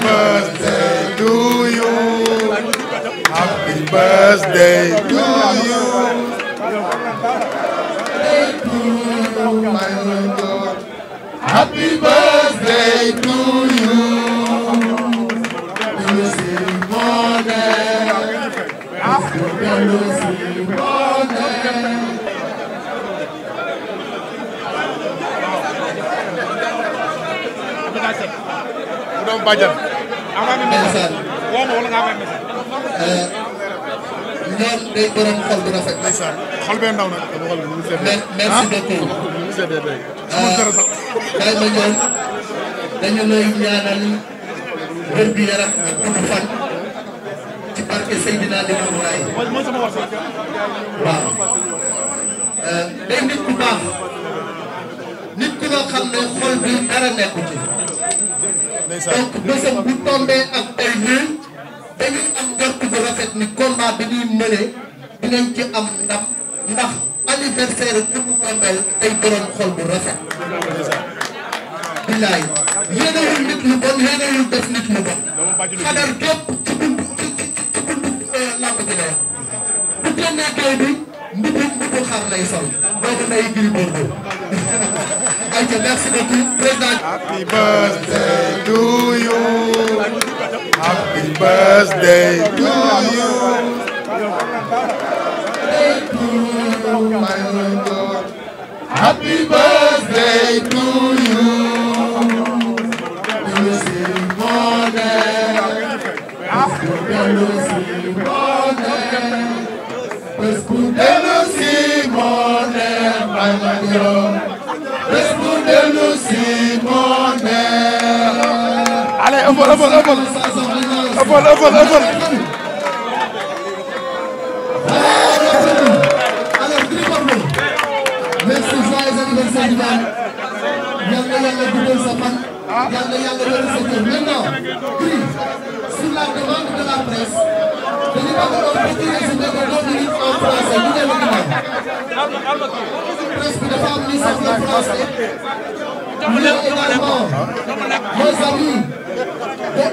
birthday to you. Happy birthday to you. Lucy Bonnet. Lucy Bonnet. mu doon bàjjan. ndeysaan. ñoom day borom xol bu rafet. ndeysaan xol bee ndaw nag. merci ah. beaucoup. kay euh, ma ñoom dañu lay ñaanal wér bi yaram ak gudd fan ci barke Seydina Limamou Laye. waaw. Euh, day nit ku baax nit ku nga xam ne xol bi dara nekku ci. donc bésam bu tombee ak ay nii dañuy am njort bu rafet ni combat bi ñuy mënee dinañ ci am ndam ndax anniversaire ku mu tombeel day borom xol bu rafet. bilaay yéenewul nit lu bon yéenewul def nit lu bon xadar gépp ci dund ci ci ci dund euh, làmb ji la wax bu génnee géej bi mbubu sol boobu nay giri boobu. ayca merci beaucoup président. happy birthday to you happy birthday to you. happy birthday to you. Lucy Monet. Lucy Monet. Lucy Monet. waay ëppal ëppal ëppal ëppal ëppal ëppal merci joyeux anniversaire Imam yal na yàlla dugal sa fan yal na yàlla wéral sa cër maintenant prix sur la demande de la presse dañu ko doon retirer su nekk deux minutes en français ñu dellu ginnaaw presse bi dafa am lu soxla français mais également nos amis sa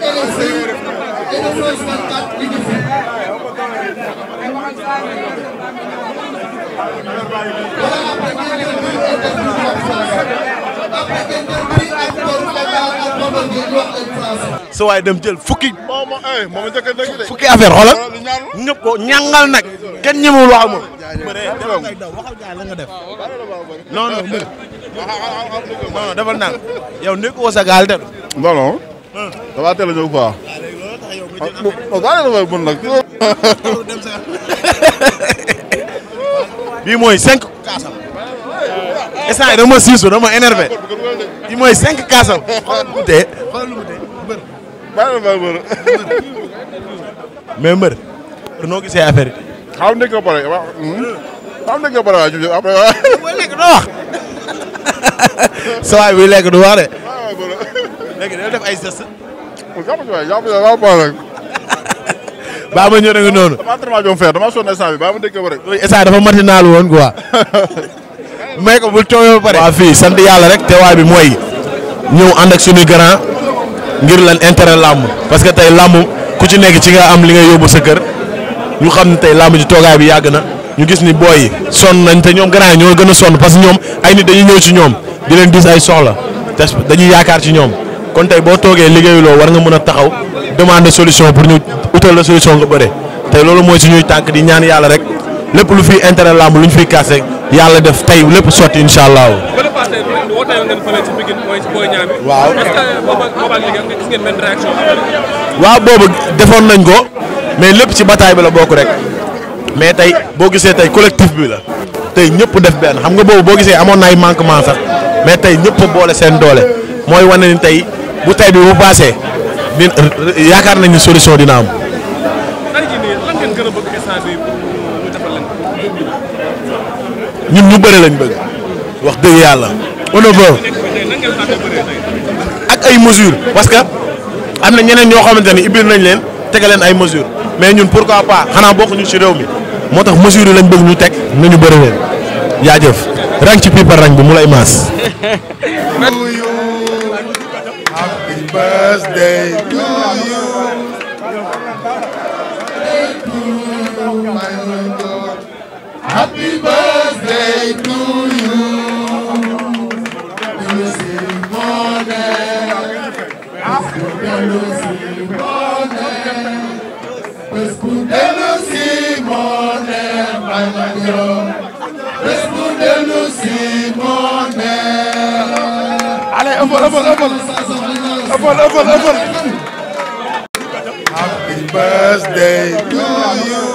waay dem jël fukki. Eh, fukki affaire xoolal. ñëpp ko nag. kenn ñemewul wax amul. non defal naa yow nekk woo gaal dem. non damaa teel a ñëw quoi. waaw ah, daa leen may mën nag. bii mooy cinq kaasam. instant yii dama siisu dama énervé. bii mooy cinq kaasam. xoolal lu mu tee xoolal lu mu tee mbër. bàyyi la mbër. mais mbër. noo gisee affaire yi. xaw ma dégg nga pare waaw. xaw ma dégg nga pare waaye jub après waaw. lekk doo wax. sa waay buy lekk du wax de. léegi dañoo ay gestes. jàpp baa ma ñëw rek noonu. damaa entraînement jom fer damaa sonn instant bi baa ma dégg ko rek. woon quoi. may ko bul tooyoo ba fii sant yàlla rek teewaay bi mooy ñëw ànd ak suñuy grand ngir lan intérêt làmb parce que tey làmb ku ci nekk ci nga am li nga yóbbu sa kër ñu xam ne tey làmb ji toogaay bi yàgg na ñu gis ni booy yi sonn nañ te ñoom grand ñoo gën a sonn parce que ñoom ay nit dañuy ñëw ci ñoom di leen diis ay soxla te dañuy yaakaar ci ñoom. kon tey boo toogee liggéeyuloo war nga mën a taxaw demander solution pour ñu utal la solution nga bëre tey loolu mooy si suñuy tànk di ñaan yàlla rek lépp lu fiy intérêt làmb lu ñu fiy kaas rek yàlla def tey lépp sotti incha allah. waaw. boobu defoon nañ ko mais lépp ci bataay bi la bokk rek mais tey boo gisee tey collectif bi la tey ñëpp def benn xam nga boobu boo gisee amoon na manque manquement mais tey ñëpp boole seen doole mooy wane ni tey. bu tay bi bu paasee di yaakaar nañ ni solution dina am. ñun ñu bëre lañ bëgg wax dëgg yàlla on ak ay mesures parce que am na ñeneen ñoo xamante ni ibbil nañ leen tegaleen ay mesures mais ñun pour pourquoi pas xanaa bokkuñu ci réew mi moo tax mesures yi lañ bëgg ñu teg nañu bëri leen yaa jëf rang ci piipar rang bi mu lay maas. birthday to you. Birthday to you, my God. Happy birthday to you. Lucy Allez, on va, on va, on va. ëppal ëppal ëppal. happy birthday to you.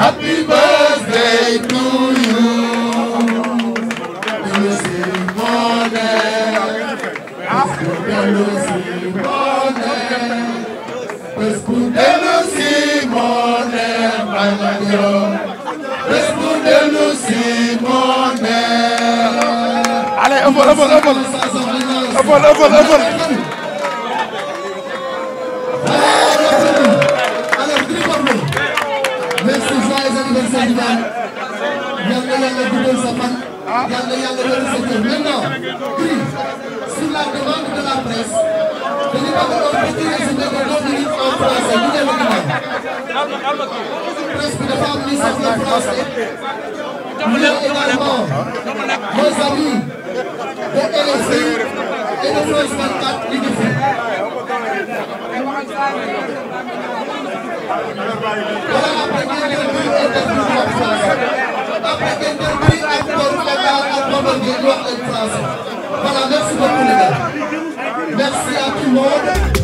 happy birthday to you. Simone, Simone, Simone, dellu si moo neex. allez ëppal ëppal ëppal. ëppal ëppal ëppal. merci joyeux anniversaire Diagne yal na yàlla guddal sa fan. yal na yàlla wér sa kër maintenant prix sur la demande de la presse dañu bëgg a doon retirer si nekk doon nañu en français ñu ne la. presse bi dafa am mission de français mais également nos amis de LFC et de France 24 ñu ngi fi. voilà après ngeen jël muy interview ak français après ngeen jël muy encore Dakar ak Bambey ngeen wax ak français voilà merci beaucoup les gars merci à tout le monde.